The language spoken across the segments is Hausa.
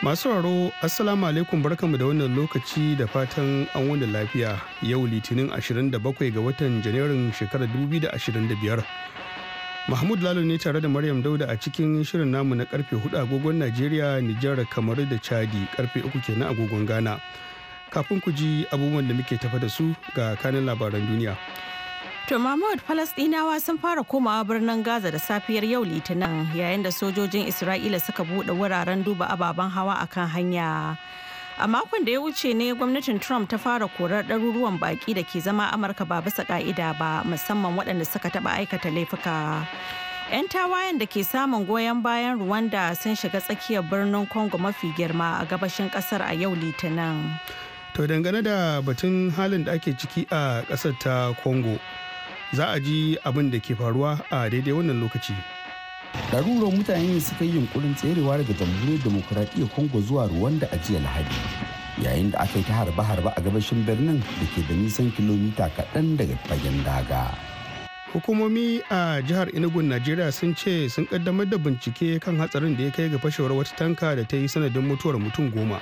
Masu raro, Assalamu alaikum barkanmu da wannan lokaci da fatan an wani lafiya yau litinin 27 ga watan janairun shekarar 2025. Mahmud Lalo ne tare da Maryam Dauda a cikin shirin namu na karfe 4 agogon Najeriya, Nijar, kamar da Chadi karfe 3 kenan agogon Ghana. Kafin ku ji abubuwan da muke tafa da su ga kanin labaran duniya. To Mahmud Falasɗinawa sun fara komawa birnin Gaza da safiyar yau Litinin yayin da sojojin Isra'ila suka buɗe wuraren duba ababen hawa akan hanya. A makon da ya wuce ne gwamnatin Trump ta fara korar ɗaruruwan baƙi da ke zama Amurka ba bisa ƙa'ida ba musamman waɗanda suka taɓa aikata laifuka. 'Yan tawayen da ke samun goyon bayan Rwanda sun shiga tsakiyar birnin Congo mafi girma a gabashin ƙasar a yau Litinin. To dangane da batun halin da ake ciki a ƙasar ta Congo. za a ji abin da ke faruwa a daidai wannan lokaci. ɗaruruwan mutane ne suka yi yunkurin tserewa daga jamhuriyar demokuraɗiyyar congo zuwa ruwan da jiya lahadi yayin da aka yi ta harba-harba a gabashin birnin da ke da nisan kilomita kaɗan daga fagen daga hukumomi a jihar enugu najeriya sun ce sun ƙaddamar da bincike kan hatsarin da ya kai ga fashewar wata tanka da ta yi sanadin mutuwar mutum goma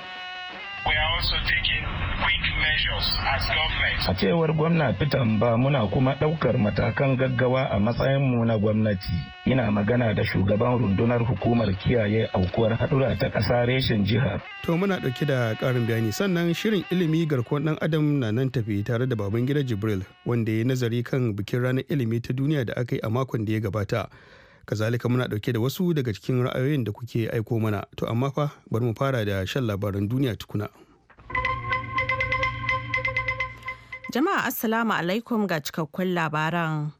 A cewar gwamna Fitan ba muna kuma ɗaukar matakan gaggawa a matsayinmu na gwamnati. Ina magana da shugaban rundunar hukumar kiyaye aukuwar haɗura ta ƙasa reshen jihar. To muna ɗauke da ƙarin bayani sannan shirin ilimi garkuwar ɗan adam na nan tafi tare da baban gida Jibril wanda ya nazari kan bikin ranar ilimi ta duniya da aka yi a makon da ya gabata. kazalika muna dauke da wasu daga cikin ra'ayoyin da kuke aiko mana to amma fa bari mu fara da shan labaran duniya tukuna jama'a assalamu alaikum ga cikakkun labaran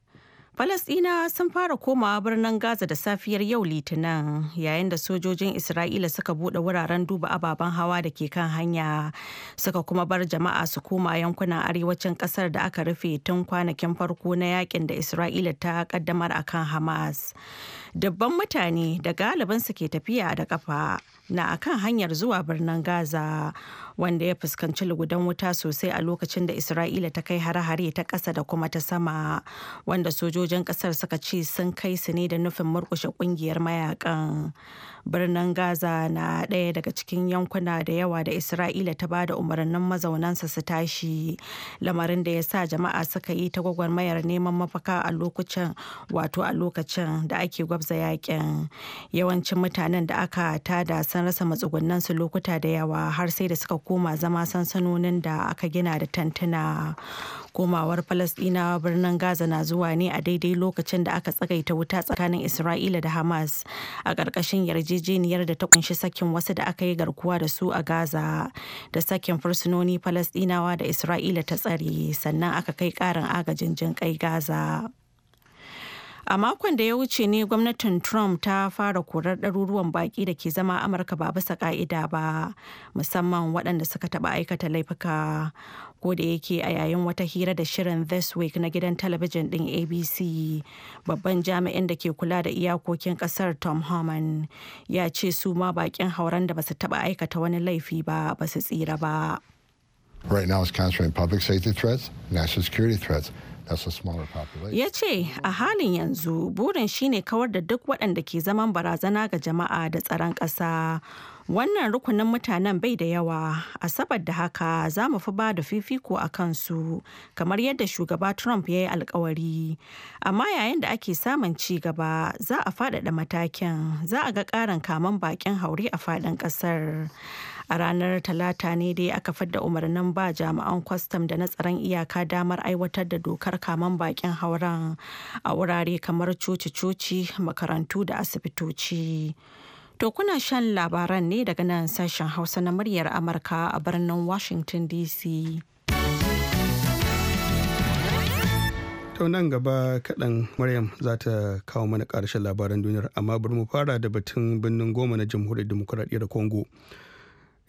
Falasɗinawa sun fara komawa birnin Gaza da safiyar yau Litinin yayin da sojojin Isra'ila suka buɗe wuraren duba ababen hawa da ke kan hanya suka kuma bar jama'a su koma yankunan arewacin ƙasar da aka rufe tun kwanakin farko na yakin da Isra'ila ta kaddamar akan Hamas. Dabban mutane da galibinsu ke tafiya da ƙafa. na akan hanyar zuwa birnin Gaza wanda ya fuskanci lugudan wuta sosai a lokacin da Isra'ila ta kai hare-hare ta ƙasa da kuma ta sama wanda sojojin ƙasar suka ce sun kai su ne da nufin murkushe ƙungiyar mayakan. Birnin Gaza na ɗaya daga cikin yankuna da yawa da Isra'ila ta ba da umarnin mazaunansa su tashi lamarin da ya sa jama'a suka yi ta gwagwarmayar neman mafaka a lokacin wato a lokacin da ake gwabza yakin yawancin mutanen da aka tada sun rasa matsugunansu lokuta da yawa har sai da suka koma zama sansanonin da aka gina da tantuna komawar Falasɗinawa birnin gaza na zuwa ne a daidai lokacin da aka tsagaita wuta tsakanin isra'ila da hamas a ƙarƙashin yarjejeniyar da ta kunshi sakin wasu da aka yi garkuwa da su a gaza da sakin fursunoni falasdinawa da isra'ila ta tsare sannan aka kai ƙarin agajin jin kai gaza A makon da ya wuce ne gwamnatin Trump ta fara korar ɗaruruwan baƙi da ke zama Amurka ba bisa ƙa'ida ba, musamman waɗanda suka taɓa aikata laifuka. Ko da yake a yayin wata hira da shirin This Week na gidan talabijin ɗin ABC, babban jami'in da ke kula da iyakokin ƙasar Tom Homan ya ce su ma baƙin hauren da basu taɓa aikata wani laifi ba ba su tsira ba. Right now it's concentrating public safety threats, national security threats. Ya ce a halin yanzu burin shine kawar da duk waɗanda ke zaman barazana ga jama'a da tsaron ƙasa. Wannan rukunin mutanen bai da yawa, a sabar da haka za mu fi ba da fifiko a kansu, kamar yadda shugaba Trump ya yi alkawari. Amma yayin da ake samun ci gaba, za a faɗaɗa matakin, za a ga ƙarin kaman baƙin haure a faɗin ƙasar. a ranar talata ne dai aka fadda umarnin ba jami'an kwastam da na tsaron iyaka damar aiwatar da dokar kaman bakin hauren a wurare kamar coci-coci makarantu da asibitoci to kuna shan labaran ne daga nan sashen hausa na muryar amurka a birnin washington dc to nan gaba kaɗan maryam za ta kawo mana ƙarshen labaran duniyar amma bari mu fara da batun birnin goma na jamhuriyar demokuraɗiyyar congo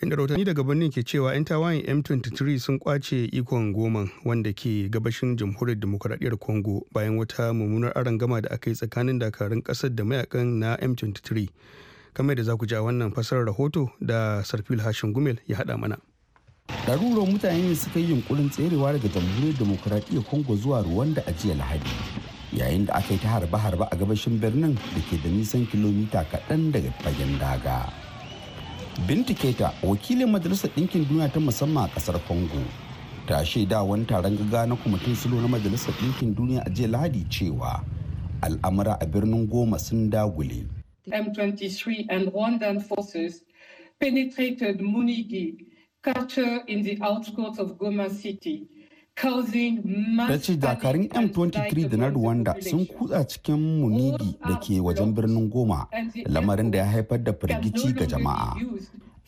inda rahotanni daga birnin ke cewa 'yan tawayen m23 sun kwace ikon goma wanda ke gabashin jamhuriyar demokuraɗiyyar congo bayan wata mummunar gama da aka yi tsakanin dakarun ƙasar da mayakan na m23 kamar da za ku ja wannan fasarar rahoto da sarfil hashin gumel ya haɗa mana ɗaruruwan mutane ne suka yi yunkurin tserewa daga jamhuriyar demokuraɗiyyar congo zuwa ruwan da jiya lahadi yayin da aka yi ta harba-harba a gabashin birnin da ke da nisan kilomita kaɗan daga fagen daga bintike ta wakilin majalisar ɗinkin duniya ta musamman a ƙasar congo ta shaida wani taron gaga na kwamitin sulo na majalisar ɗinkin duniya a jiya lahadi cewa al'amura a birnin goma sun dagule m23 and rwandan forces penetrated munigi culture in the outskirts of goma city ta ce dakarun m23 da na rwanda sun kutsa cikin munigi da ke wajen birnin goma lamarin da ya haifar da firgici ga jama'a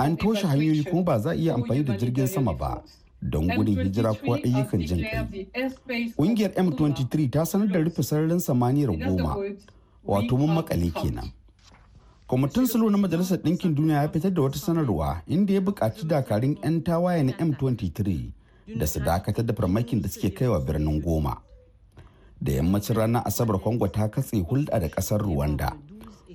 an toshe hanyoyi kuma ba za a iya amfani da jirgin sama ba don gudun hijira ko ayyukan jin kai ƙungiyar m23 ta sanar da rufe sararin samaniyar goma wato mun makale kenan kwamitin salo na majalisar ɗinkin duniya ya fitar da wata sanarwa inda ya buƙaci dakarun 'yan tawaye na m23 da su dakatar da farmakin da suke kaiwa birnin goma da yammacin ranar asabar kongo ta katse hulɗa da ƙasar ruwanda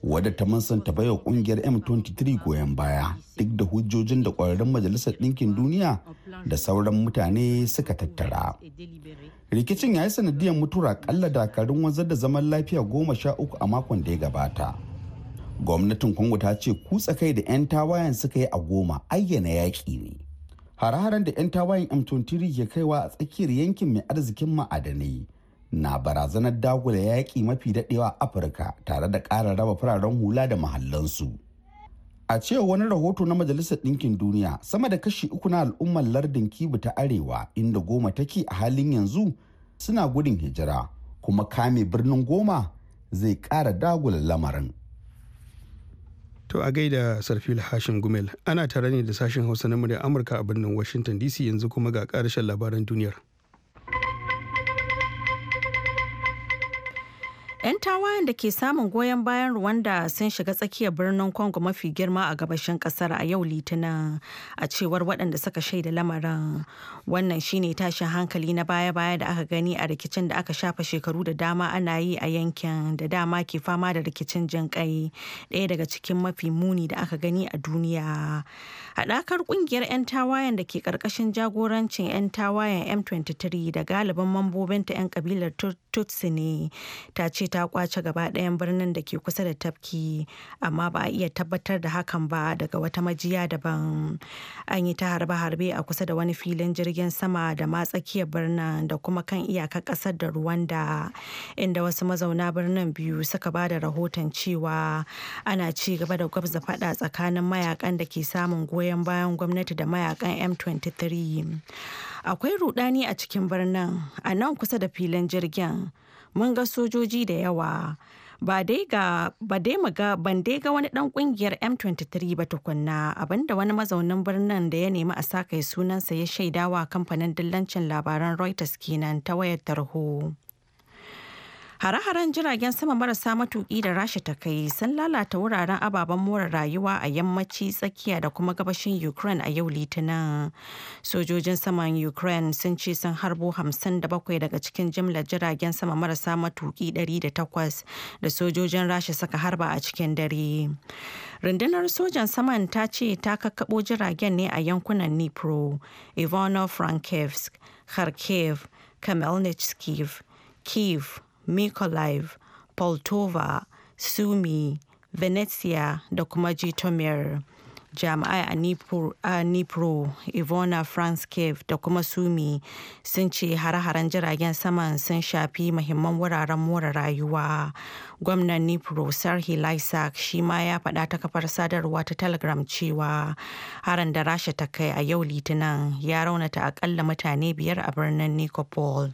wadda ta mansanta baiwa ƙungiyar m23 goyon baya duk da hujjojin da ƙwararrun majalisar ɗinkin duniya da sauran mutane suka tattara rikicin ya yi sanadiyar mutura ƙalla dakarun wanzar da zaman lafiya goma sha uku a makon da ya gabata gwamnatin kongo ta ce kutsa kai da 'yan tawayen suka yi a goma ayyana yaƙi ne hare-haren da 'yan tawayen m23 ke kaiwa a tsakiyar yankin mai arzikin ma'adanai na barazanar dagula yaƙi mafi daɗewa afirka tare da ƙara raba fararen hula da mahallansu a cewa wani rahoto na majalisar ɗinkin duniya sama da kashi uku na al'ummar lardin kibu ta arewa inda goma take a halin yanzu suna gudun hijira kuma kame birnin goma zai ƙara dagula lamarin To a gaida Sarfil Hashim Gumel ana tare ne da sashen Hausa na murya Amurka a birnin Washington DC yanzu kuma ga ƙarashen labaran duniyar. 'Yan tawayen da ke samun goyon bayan Rwanda sun shiga tsakiyar birnin Congo mafi girma a gabashin kasar a yau Litinin a cewar waɗanda suka shaida lamarin. Wannan shine tashin hankali na baya-baya da aka gani a rikicin da aka shafa shekaru da dama ana yi a yankin da dama ke fama da rikicin jinƙai ɗaya daga cikin mafi muni da aka gani a duniya. Haɗakar ƙungiyar 'yan tawayen da ke ƙarƙashin jagorancin 'yan tawayen M23 da galibin mambobinta 'yan ƙabilar Tutsi ne ta ce ta kwace gaba ɗayan birnin da ke kusa da tafki amma ba a iya tabbatar da hakan ba daga wata majiya daban an yi ta harbe-harbe a kusa da wani filin jirgin sama da ma tsakiyar birnin da kuma kan iyakar ƙasar da ruwanda inda wasu mazauna birnin biyu suka ba da rahoton cewa ana ci gaba da gwabza faɗa tsakanin mayakan da ke samun goyon bayan gwamnati da mayakan m23 akwai rudani a cikin birnin a nan kusa da filin jirgin mun ga sojoji da yawa ba dai ga ban dai ga wani dan kungiyar M23 ba tukunna abinda wani mazaunin birnin da ya nemi a sa kai sunansa ya shaidawa kamfanin dillancin labaran Reuters kenan ta wayar tarho. Hare-haren jiragen sama marasa matuƙi da rasha ta kai sun lalata wuraren ababen more rayuwa a yammaci tsakiya da kuma gabashin Ukraine a yau litinin. Sojojin saman Ukraine sun ce sun harbo 57 daga cikin jimla jiragen sama marasa matuƙi 108 da sojojin rasha suka harba a cikin dare. Rundunar sojan saman ta ce ta kakkaɓo jiragen ne a yankunan nipro Ivano-Frankivsk, Kharkiv, Kamelnitskiv, Kiev, mykolaiv poltova sumi venezia da kuma jitomir jami'ai a nipro ivona Cave da kuma sumi sun ce hare-haren jiragen saman sun shafi mahimman wuraren more rayuwa gwamnan nipro sarhi lysak shi ma ya faɗa ta kafar sadarwa ta telegram cewa harin da rasha ta kai a yau litinin ya raunata akalla mutane biyar a birnin nikopol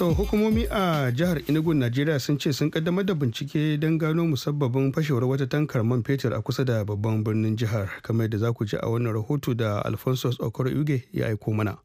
To hukumomi a jihar Enugu Najeriya sun ce sun kaddamar da bincike don gano musabbabin fashewar wata tankar man fetur a kusa da babban birnin jihar kamar da za ku ji a wannan rahoto da Alfonso Okoro Uge ya aiko mana.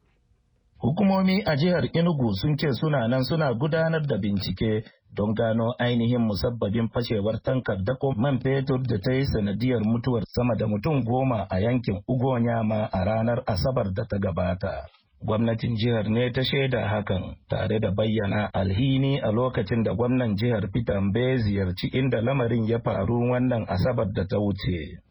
Hukumomi a jihar Enugu sun ce suna nan suna gudanar da bincike don gano ainihin musabbabin fashewar tankar dako man fetur da ta yi sanadiyar mutuwar sama da mutum goma a yankin Ugonyama a ranar Asabar da ta gabata. Gwamnatin jihar ne ta shaida hakan tare da bayyana alhini a lokacin da gwamnan jihar Peter Mbe ziyarci inda lamarin ya faru wannan asabar da ta wuce.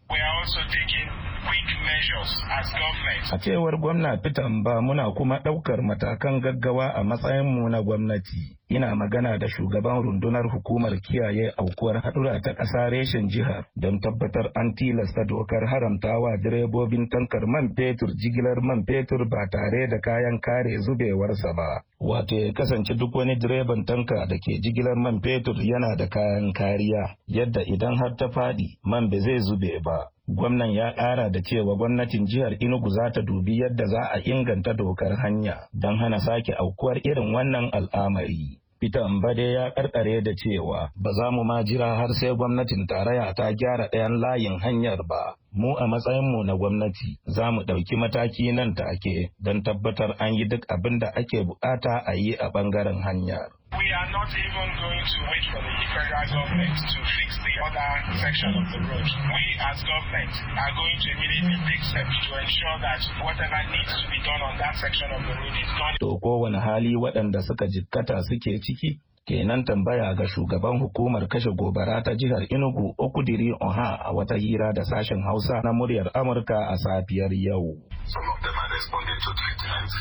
A cewar gwamna Peter Mba muna kuma ɗaukar matakan gaggawa a matsayinmu na gwamnati. ina magana da shugaban rundunar hukumar kiyaye aukuwar haɗura ta ƙasa reshen jihar don tabbatar an tilasta dokar haramtawa direbobin tankar man fetur jigilar man fetur ba tare da kayan kare zubewarsa ba wato ya kasance duk wani direban tanka da ke jigilar man fetur yana da kayan kariya yadda idan har ta faɗi man ba zai zube ba Gwamnan ya ƙara da cewa gwamnatin jihar Enugu za ta dubi yadda za a inganta dokar hanya don hana sake aukuwar irin wannan al'amari. Peter Mbade ya karkare da cewa ba za mu ma jira har sai gwamnatin tarayya ta gyara ɗayan layin hanyar ba. Mu a matsayinmu na gwamnati za mu ɗauki mataki nan take don tabbatar an yi duk abin da ake bukata a yi a ɓangaren hanyar. We are not even going to wait for the federal government to fix the other section of the road. We as government are going to immediately take steps to ensure that whatever needs to be done on that section of the road is done. To kowane hali waɗanda suka jikkata suke ciki kenan tambaya ga shugaban hukumar kashe gobara ta jihar Enugu Okudiri Oha a wata hira da sashen Hausa na muryar Amurka a safiyar yau. Some of them are responding to treatment.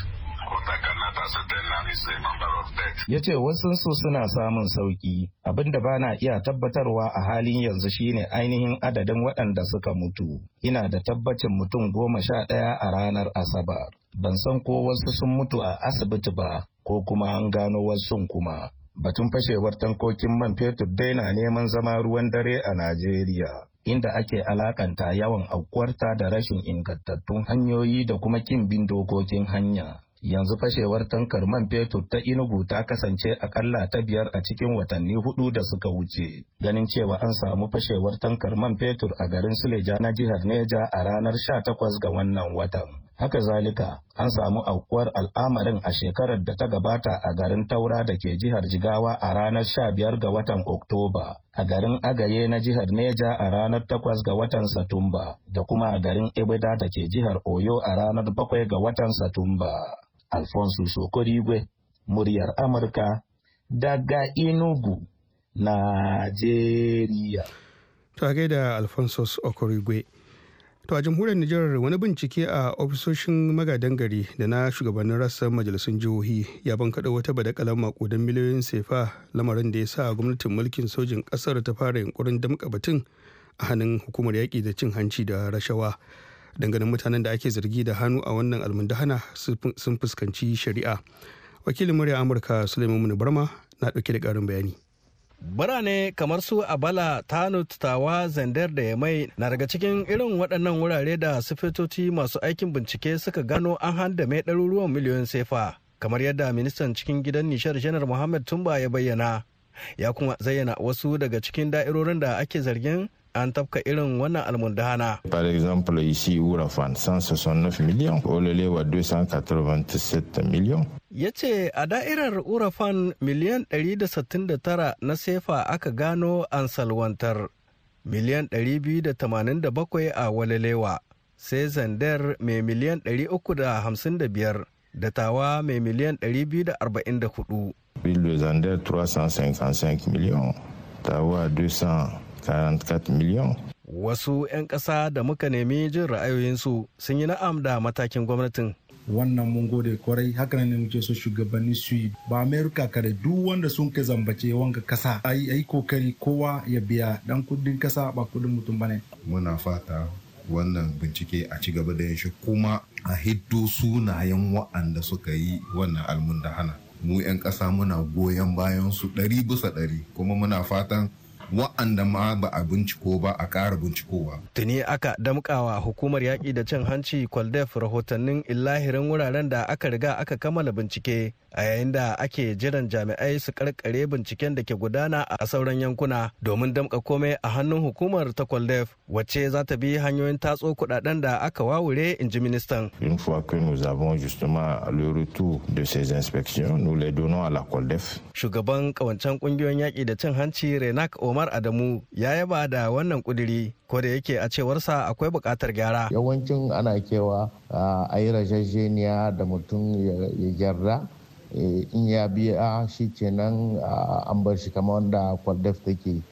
Ya ce wasansu suna samun sauƙi abinda ba na iya tabbatarwa a halin yanzu shine ainihin adadin waɗanda suka mutu. Ina da tabbacin mutum goma sha ɗaya a ranar Asabar. Ban san ko wasu sun mutu a asibiti ba ko kuma an gano wasu kuma. Batun fashewar tankokin man fetur dai na neman zama ruwan dare a Najeriya. inda ake alakanta yawan aukuwarta da rashin ingantattun hanyoyi da kuma kin bin dokokin hanya. yanzu fashewar tankar man fetur ta inugu ta kasance akalla ta biyar a cikin watanni hudu da suka wuce ganin cewa an samu fashewar tankar man fetur a garin suleja na jihar neja a ranar 18 ga wannan watan haka zalika an samu aukuwar al'amarin a shekarar da ta gabata a garin taura da ke jihar jigawa a ranar sha biyar ga watan oktoba a garin agaye na jihar neja a ranar 8 ga watan satumba da kuma a garin ibida da ke jihar oyo a ranar bakwai ga watan satumba Alfonso Sokorigwe, muryar Amurka daga Inugu, Najeriya. Ta gaida Alfonso Okorigwe. To a jamhuriyar Nijar wani bincike a ofisoshin magadan gari da na shugabannin rassan majalisun jihohi ya bankaɗa wata badakalar makudan miliyoyin sefa lamarin da ya sa gwamnatin mulkin sojin ƙasar ta fara yunkurin damƙa batun a hannun hukumar yaƙi da cin hanci da rashawa. dangane mutanen da ake zargi da hannu a wannan almundahana sun fuskanci shari'a wakilin murya amurka suleiman muni barma na ɗauke da karin bayani birane kamar su abala tanut tawa zandar da ya mai na daga cikin irin waɗannan wurare da sifitoci masu aikin bincike suka gano an handame ɗaruruwan miliyoyin sefa kamar yadda ministan cikin gidan nishar janar muhammad tumba ya bayyana ya kuma zayyana wasu daga cikin da'irorin da ake zargin an tafka irin wannan almundana. Par exemple ici Ourafan 169 millions, Olelewa 287 millions. Ya ce a da'irar Ourafan miliyan 169 na sefa aka gano an salwantar, miliyan 287 a Walelewa, sai Zandar mai miliyan 355 da Tawa mai miliyan 244. Ville de Zander 355 miliyan, Tawa 200 44 miliyan. Wasu 'yan ƙasa da muka nemi jin ra'ayoyinsu sun yi na'am da matakin gwamnatin. wannan mun gode kwarai haka ne muke so shugabanni su yi ba amerika kada duk wanda sun kai zambace wanka kasa a yi kokari kowa ya biya dan kudin kasa ba kudin mutum bane muna fata wannan bincike a ci gaba da yanshi kuma a hiddo sunayen wa'anda suka yi wannan hana. mu 'yan ƙasa muna goyon bayan su ɗari bisa ɗari kuma muna fatan wa'anda ma ba a binciko ba a binciko ba. Tuni aka damƙawa hukumar yaƙi da cin hanci Kwaldef rahotannin illahirin wuraren da aka riga aka kammala bincike a yayin da ake jiran jami'ai su karkare binciken da ke gudana a sauran yankuna domin damƙa komai a hannun hukumar ta Kwaldef wacce za ta bi hanyoyin tatso kuɗaɗen da aka wawure in ji ministan. Une fois que nous avons justement le retour de ces inspections, nous les donnons à la Shugaban kawancen ƙungiyoyin yaƙi da cin hanci Renak Omar Umar Adamu ya yaba da wannan kuduri ko da yake a cewarsa akwai bukatar gyara. Yawancin ana kewa a yi rajajeniya da mutum ya gyara e, in ya biya shi kenan an bar shi kamar wanda kwaldaf take.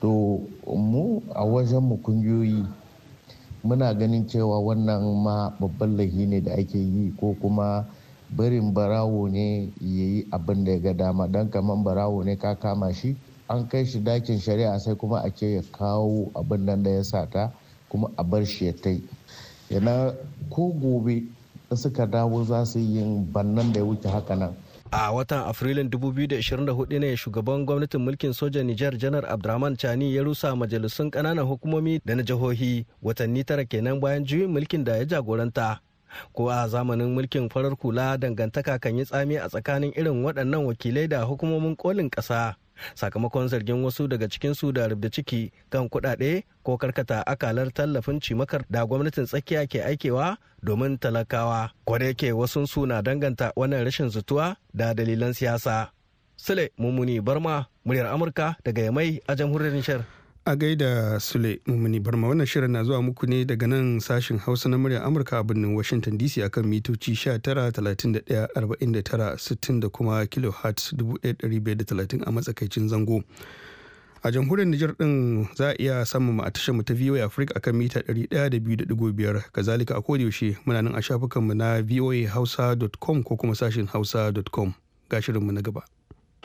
To mu a wajen mu kungiyoyi muna ganin cewa wannan ma babban lahi ne da ake yi ko kuma barin barawo ne ya yi abin da ya ga dama don kamar barawo ne ka kama shi an kai shi dakin shari'a sai kuma a ce ya kawo abin nan da ya sata kuma a bar shi ya tai yana ko gobe suka dawo za su yi bannan da ya wuce haka nan a watan afrilun 2024 ne shugaban gwamnatin mulkin sojan nijar janar abdurrahman chani ya rusa majalisun kananan hukumomi da na jihohi watanni tara kenan bayan juyin mulkin da ya jagoranta ko a zamanin mulkin farar kula dangantaka kan yi tsami a tsakanin irin waɗannan wakilai da hukumomin kolin ƙasa sakamakon zargin wasu daga cikinsu da rubda ciki kan kuɗaɗe ko karkata akalar tallafin cimakar da gwamnatin tsakiya ke aikewa domin talakawa yake wasu suna danganta wannan rashin zutuwa da dalilan siyasa sule mummuni barma muryar amurka daga yamai a jamhuriyar nishar A gaida Sule mummuni Barma wannan shirin na zuwa muku ne daga nan sashin Hausa na muryar Amurka a birnin Washington DC akan mitoci 19,31,49,60 da kuma kilohertz 1530 a matsakaicin zango. A jamhuriyar Nijar din za a iya samun mu a tashar mu ta VOA Africa akan mita 102.5 kazalika a yaushe muna nan a shafukanmu na voahausa.com ko kuma sashin hausa.com ga shirinmu na gaba.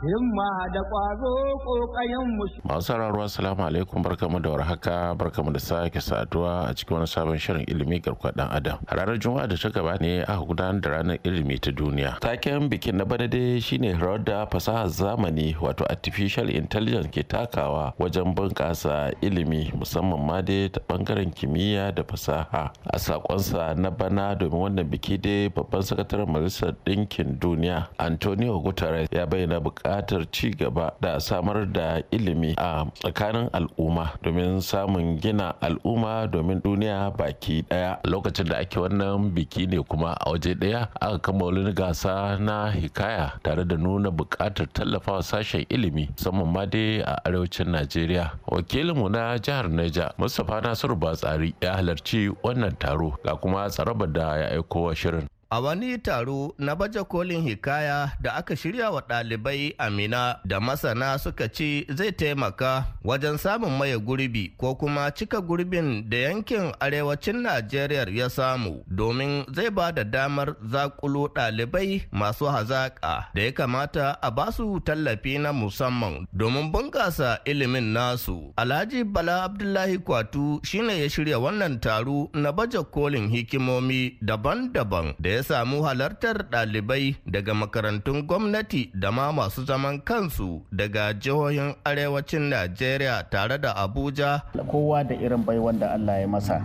himma da ƙwazo ƙoƙayen musu. Masu sauraro alaikum barkamu da warhaka barkamu da sake saduwa a cikin wani sabon shirin ilimi garkuwa, dan adam. A ranar Juma'a da ta gaba ne a gudanar da ranar ilimi ta duniya. Taken bikin na bana dai shine rawar da fasahar zamani wato artificial intelligence ke takawa wajen bunƙasa ilimi musamman ma dai ta bangaren kimiyya da fasaha. A sakonsa na bana domin wannan biki dai babban sakataren majalisar ɗinkin duniya Antonio Guterres ya bayyana buƙatar Bukatar ci gaba da samar da ilimi a tsakanin al'umma domin samun gina al'umma domin duniya baki ɗaya lokacin da ake wannan biki ne kuma a waje ɗaya aka kama wani gasa na hikaya tare da nuna buƙatar tallafawa sashen ilimi musamman ma dai a arewacin najeriya wakilinmu na jihar neja mustapha nasiru batsari ya halarci wannan taro ga kuma tsaraba da ya aiko shirin a wani taro na baje kolin hikaya da aka shirya wa ɗalibai amina da masana suka ce zai taimaka wajen samun maye gurbi ko kuma cika gurbin da yankin arewacin najeriya ya samu domin zai ba da damar zakulo ɗalibai masu hazaƙa da ya kamata a basu tallafi na musamman domin bunƙasa ilimin nasu alhaji bala abdullahi kwatu shine ya shirya wannan taro na baje kolin hikimomi daban-daban da ya samu halartar ɗalibai daga makarantun gwamnati da ma masu zaman kansu daga jihohin arewacin Najeriya tare da Abuja. Kowa da irin bai wanda Allah ya masa.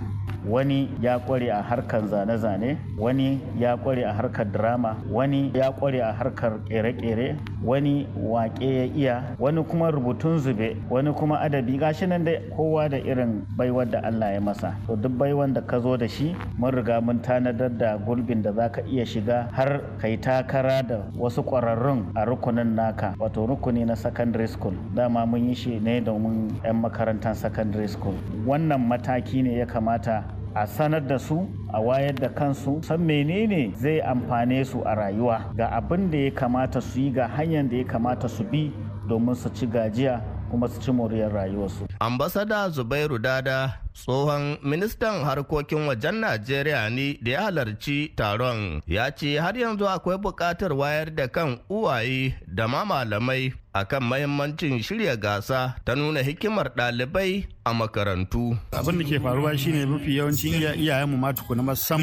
wani ya kware a harkar zane-zane wani ya kware a harkar drama wani ya kware a harkar kere-kere wani wake ya iya wani kuma rubutun zube wani kuma adabi gashi nan dai kowa da irin baiwar da Allah ya masa to duk baiwan da ka zo da shi mun riga mun tanadar da gulbin da zaka iya shiga har kai takara da wasu kwararrun a rukunin naka wato rukuni na secondary school dama mun yi shi ne domin 'yan makarantar secondary school wannan mataki ne ya kamata a sanar da su a wayar da kansu san menene zai amfane su a rayuwa ga abin da ya kamata su yi ga hanyar da ya kamata su bi domin su ci gajiya kuma su ci moriyar rayuwarsu. ambasada zubairu dada tsohon ministan harkokin wajen najeriya ne da ya halarci taron ya ce har yanzu akwai buƙatar wayar da kan uwaye da ma malamai a kan mahimmancin shirya gasa ta nuna hikimar ɗalibai a makarantu. Abin da ke faruwa shine mafi yawancin iyayen mu matuku na masam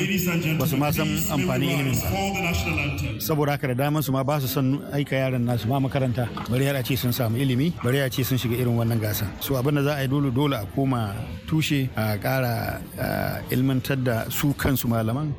ba su ma san amfanin ilimin ba. Saboda haka da daman su ma ba su san aika yaran nasu ma makaranta. Bari yara ce sun samu ilimi, bari yara ce sun shiga irin wannan gasa. So abin da za a yi dole dole a koma tushe a ƙara ilmantar da su kansu malaman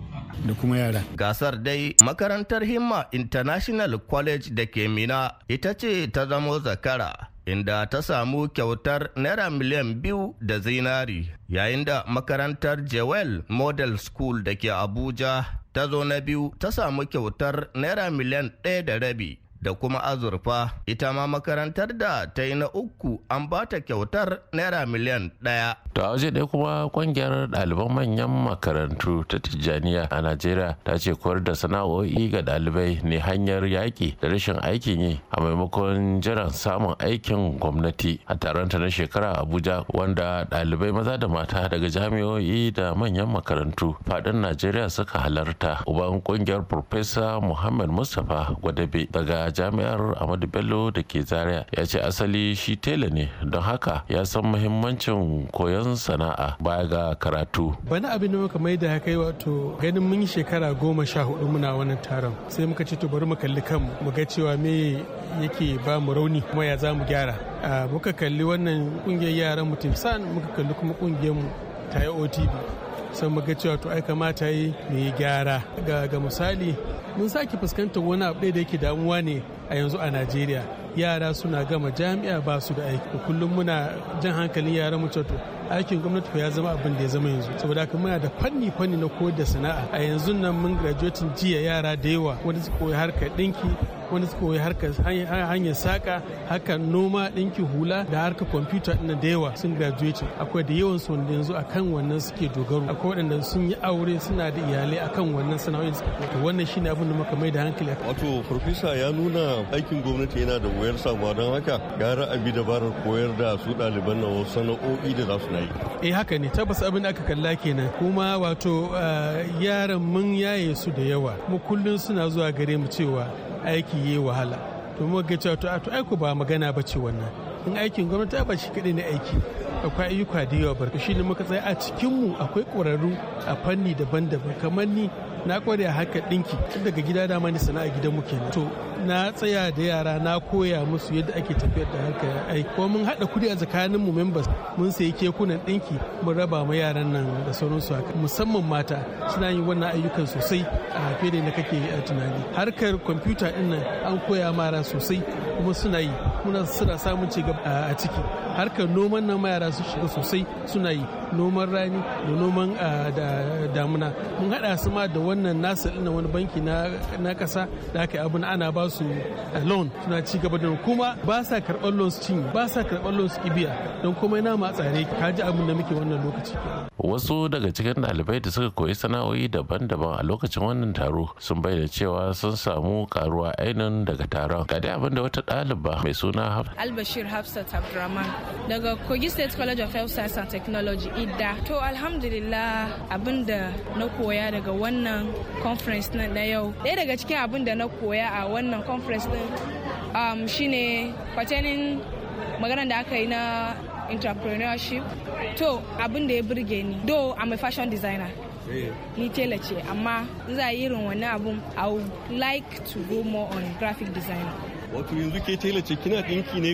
da kuma yara. Gasar dai makarantar Himma International College da ke Mina ita ce ta zamo zakara. Inda ta samu kyautar Naira miliyan biyu da zinari, yayin da makarantar Jewel Model School da ke Abuja ta zo na biyu ta samu kyautar Naira miliyan ɗaya da rabi. da kuma azurfa ita ma makarantar da ta yi na uku an ba ta kyautar naira miliyan ɗaya. to a waje ɗaya kuma ƙungiyar ɗaliban manyan makarantu ta tijjaniya a najeriya ta ce koyar da sana'o'i ga ɗalibai ne hanyar yaƙi da rashin aikin yi a maimakon jiran samun aikin gwamnati a taron ta na shekara abuja wanda ɗalibai maza da mata daga jami'o'i da manyan makarantu faɗin najeriya suka halarta uban ƙungiyar professor muhammad mustapha gwadabe daga jami'ar Ahmadu Bello da ke Zaria ya ce asali shi tela ne don haka ya san muhimmancin koyon sana'a baya ga karatu. Bana abin da muka mai da ya kai wato ganin mun shekara goma sha hudu muna wannan taron sai muka ce to bari mu kalli kanmu mu ga cewa me yake ba mu rauni kuma ya za mu gyara. Muka kalli wannan kungiyar yaran mu timsan muka kalli kuma kungiyar mu ta yi OTB. sai mu ga cewa to ai kamata yi mu yi gyara ga misali mun sake fuskantar wani abu da yake damuwa ne a yanzu a najeriya yara suna gama jami'a ba su da aiki kullum muna jan hankalin yaran mu to aikin gwamnati ya zama abin da ya zama yanzu saboda haka muna da fanni fanni na koyar da sana'a a yanzu nan mun graduating jiya yara da yawa wanda su koyi harkar dinki wanda su koyi harkar hanyar saka hakan noma dinki hula da harkar kwamfuta ɗin da yawa sun graduating akwai da yawan su wanda yanzu akan wannan suke dogaro akwai waɗanda sun yi aure suna da iyalai akan wannan sana'o'in suka wannan shine abin da muka mai da hankali wato professor ya nuna aikin gwamnati yana da wayar samuwa don haka gara bi dabarar koyar da su ɗaliban na wasu sana'o'i da za su na yi eh haka ne tabbas abin da aka kalla kenan kuma wato eh, yaran mun yaye su da yawa mu kullum suna zuwa gare mu cewa aiki yayi wahala to mu ga cewa to aiko ba magana ba ce wannan in aikin gwamnati ba shi kaɗai ne aiki akwai ayyuka da yawa barka shi ne muka tsaya a cikinmu akwai ƙwararru a fanni daban-daban kamar ni na kware haka dinki daga gida dama ni sana'a gidan muke to na tsaya da yara na koya musu yadda ake tafiyar da harka ai ko mun hada kudi a tsakanin mu members mun sayi kekunan dinki mun raba ma yaran nan da sauransu haka musamman mata suna yin wannan ayyukan sosai a fere da kake a tunani harkar kwamfuta din nan an koya mara sosai kuma suna yi muna suna samun ci gaba a ciki harkar noman nan yara su shiga sosai suna yi noman rani da noman da damuna mun hada su ma da wannan nasa ɗin wani banki na ƙasa da aka yi abin ana ba su loan suna ci gaba da kuma ba sa karɓar loan su ba sa karɓar loan su ibiya don komai na ma tsare ka ji abin da muke wannan lokaci. Wasu daga cikin ɗalibai da suka koyi sana'o'i daban-daban a lokacin wannan taro sun bayyana cewa sun samu karuwa ainihin daga taron. Ga dai abin da wata ɗaliba mai suna Albashir Hafsat Abdurrahman daga Kogi State College of Health Science and Technology Idda. To alhamdulillah abin da na koya daga wannan wannan conference na yau ɗaya daga cikin abin da na koya a wannan conference din um, shine kwatanin magana da aka yi na entrepreneurship to abin da ya burge ni do i'm a fashion designer ni tela ce amma za a yi irin wannan abun i would like to go more on graphic designer wato yanzu ke tela ce kina dinki ne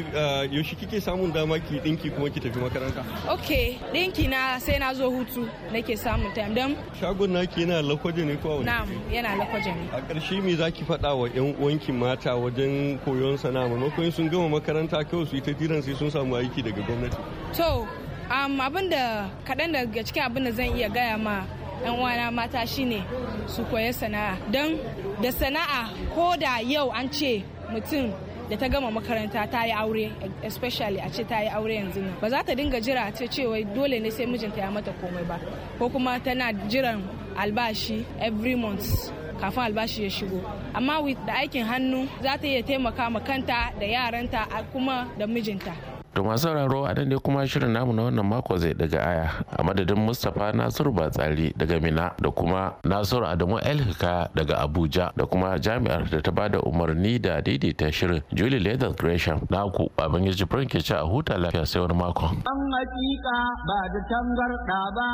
yaushe kike samun dama ki dinki kuma ki tafi makaranta ok dinki na sai na zo hutu nake samun time don shagon naki yana lakwaje ne ko na'am yana lakwaje ne a ƙarshe me zaki faɗa wa yan uwanki mata wajen koyon sana'a maimakon sun gama makaranta kawai su yi ta jiran sai sun samu aiki daga gwamnati to um, abin da kaɗan daga cikin abin da zan iya gaya ma 'yan uwana mata shine su koya sana'a don da sana'a ko da yau an ce mutum da ta gama makaranta ta yi aure especially a ce ta yi aure yanzu ba za ta dinga jira a ce cewa dole ne sai mijinta ya mata komai ba ko kuma tana jiran albashi every month kafin albashi ya shigo amma with da aikin hannu za ta iya taimaka ma kanta da yaranta kuma da mijinta to masu sauraro a nan ne kuma shirin namu na wannan mako zai daga aya a madadin mustapha nasiru batsari daga mina da kuma nasiru adamu elhika daga abuja da kuma jami'ar da ta bada umarni da daidaita shirin juli leather gresham na ku abin ya jibrin ke ci a huta lafiya sai wani mako. an hakika ba da tangarɗa ba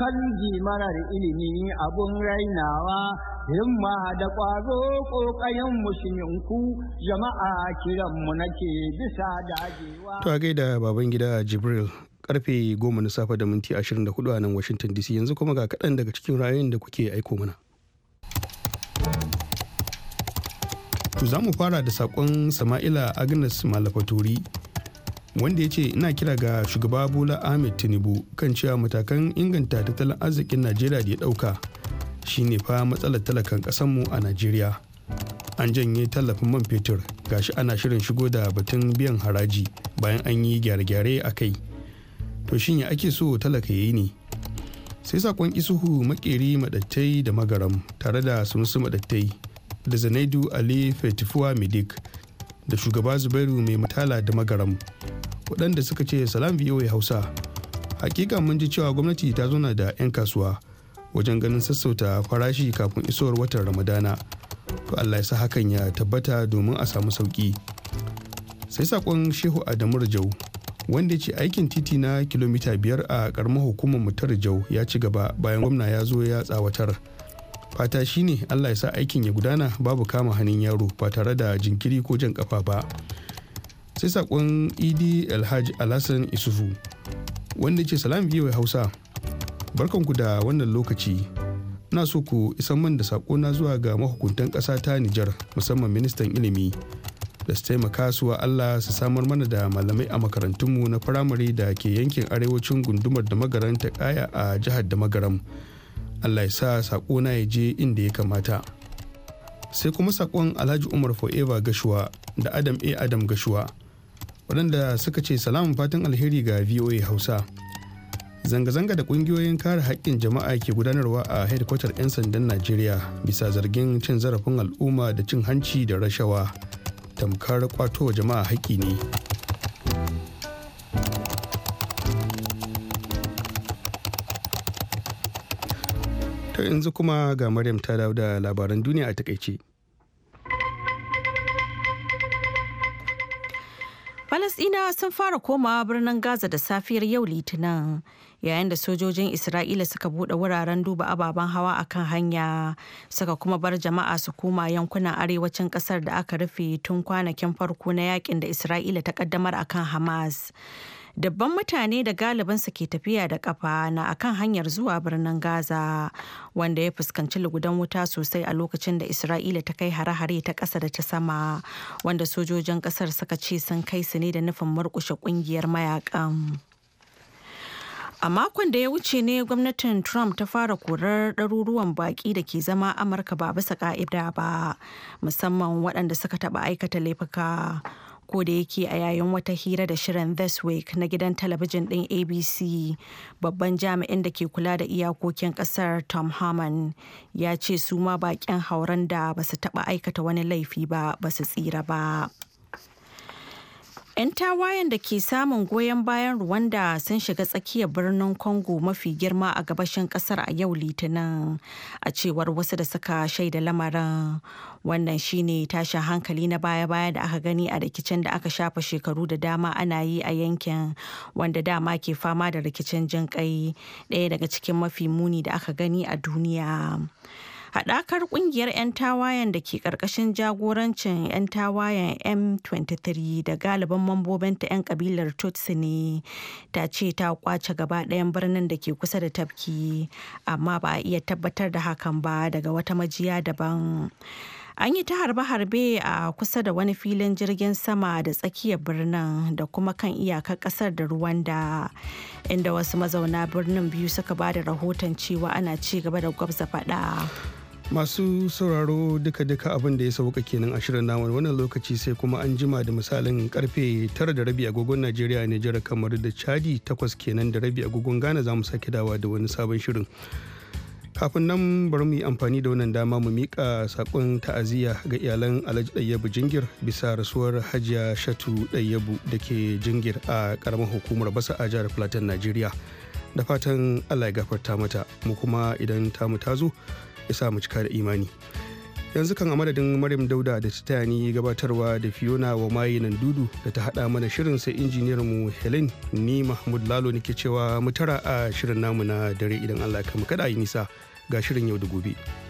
kan marar ilimi abun rainawa himma da ƙwazo ƙoƙayen musulminku jama'a kiranmu nake bisa dagewa. gaida baban gida Jibril karfe goma na safe da minti 24 a nan Washington DC yanzu kuma ga kaɗan daga cikin ra'ayoyin da kuke aiko mana. To za mu fara da saƙon Sama'ila Agnes Malafaturi wanda ya ce ina kira ga shugaba Bola Ahmed Tinubu kan cewa matakan inganta tattalin arzikin Najeriya da ya ɗauka shine fa matsalar talakan ƙasanmu a Najeriya. an janye tallafin man fetur gashi ana shirin shigo da batun biyan haraji bayan an yi gyare-gyare a kai to shin ya ake so talaka yayi ne sai sakon isuhu makeri madattai da magaram tare da sunusu madattai da zanaidu ali fetifuwa medik da shugaba zubairu mai matala da magaram waɗanda suka ce salam ya hausa hakika mun ji cewa gwamnati ta zauna da 'yan kasuwa wajen ganin sassauta farashi kafin isowar watan ramadana to allah ya sa hakan ya tabbata domin a samu sauki sai sakon shehu adamu rajau wanda ya ce aikin titi na kilomita biyar a karamar hukumar mu ta rajau ya ci gaba bayan gwamna ya zo ya tsawatar fata shine allah ya sa aikin ya gudana babu kama hannun yaro ba tare da jinkiri ko jan kafa ba sai sakon idi alhaji alhassan isufu wanda ce salam biyu hausa barkanku da wannan lokaci na so ku isan min da na zuwa ga mahukuntan ƙasa ta Nijar musamman ministan ilimi da su taimaka su wa Allah su samar mana da malamai a makarantunmu na firamare da ke yankin arewacin gundumar da magaran ta kaya a jihar da magaram Allah ya sa sakona ya je inda ya kamata sai kuma sakon Alhaji Umar Forever Gashuwa da Adam A Adam Gashuwa waɗanda suka ce salamun fatan alheri ga VOA Hausa zanga-zanga da kungiyoyin kare haƙƙin jama'a ke gudanarwa a hedkwatar 'yan sandan najeriya bisa zargin cin zarafin al'umma da cin hanci da rashawa tamkar kwato jama'a haƙƙi ne ta yanzu kuma ga maryam ta dawo da labaran duniya a takaice Falasɗinawa sun fara komawa birnin Gaza da safiyar yau Litinin yayin da sojojin isra'ila suka bude wuraren duba ababen hawa a kan hanya suka kuma bar jama'a su koma yankunan arewacin kasar da aka rufe tun kwanakin farko na yakin da isra'ila ta kaddamar akan hamas dabban mutane da galibinsu ke tafiya da kafa na akan hanyar zuwa birnin gaza wanda ya fuskanci lugudan wuta sosai a lokacin da isra'ila ta kai hare-hare ta ƙasa da ta sama wanda sojojin ƙasar suka ce sun kai su ne da nufin murkushe ƙungiyar mayakan. A makon da ya wuce ne gwamnatin Trump ta fara korar ɗaruruwan baƙi da ke zama Amurka ba bisa ƙa'ida ba, musamman waɗanda suka taɓa aikata laifuka. Ko da yake a yayin wata hira da shirin This Week na gidan talabijin ɗin ABC, babban jami'in da ke kula da iyakokin ƙasar Tom Harmon ya ce su ma baƙin hauren da ba su taɓa aikata wani laifi ba ba su tsira ba. 'Yan tawayen da ke samun goyon bayan Rwanda sun shiga tsakiyar birnin Congo mafi girma a gabashin kasar a yau Litinin, a cewar wasu da suka shaida lamarin. Wannan shine tashin hankali na baya-baya da aka gani a rikicin da aka shafa shekaru da dama ana yi a yankin wanda dama ke fama da rikicin jinƙai, ɗaya daga cikin mafi muni da aka gani a duniya. hadakar ƙungiyar 'yan tawayen da ke ƙarƙashin jagorancin 'yan tawayen m23 da galiban mambobinta 'yan kabilar tutsi ne ta ce ta kwace gaba ɗayan birnin da ke kusa da tafki amma ba a iya tabbatar da hakan ba daga wata majiya daban an yi ta harbe-harbe a kusa da wani filin jirgin sama da tsakiyar birnin da kuma kan iyakar kasar da ruwanda inda wasu mazauna birnin biyu suka ba da rahoton cewa ana ci gaba da gwabza fada masu sauraro duka-duka abin da ya sauka kenan a shirin namun wannan lokaci sai kuma an jima da misalin karfe tara da rabi agogon najeriya nijar kamar da chadi takwas kenan da rabi agogon ghana za mu sake dawa da wani sabon shirin kafin nan bari mu yi amfani da wannan dama mu mika sakon ta'aziyya ga iyalan alhaji ɗayyabu jingir bisa rasuwar hajiya shatu ɗayyabu da ke jingir a karamar hukumar basa a jihar plateau najeriya da fatan allah ya gafarta mata mu kuma idan tamu ta zo ya sa mu cika da imani yanzu kan a madadin maryam dauda da ta tayani gabatarwa da fiona wa mayinan nan dudu da ta hada mana shirin sai injiniyar mu helen ni mahmud lalo nake cewa mu tara a shirin namu na dare idan allah kama kada yi nisa ga shirin yau da gobe.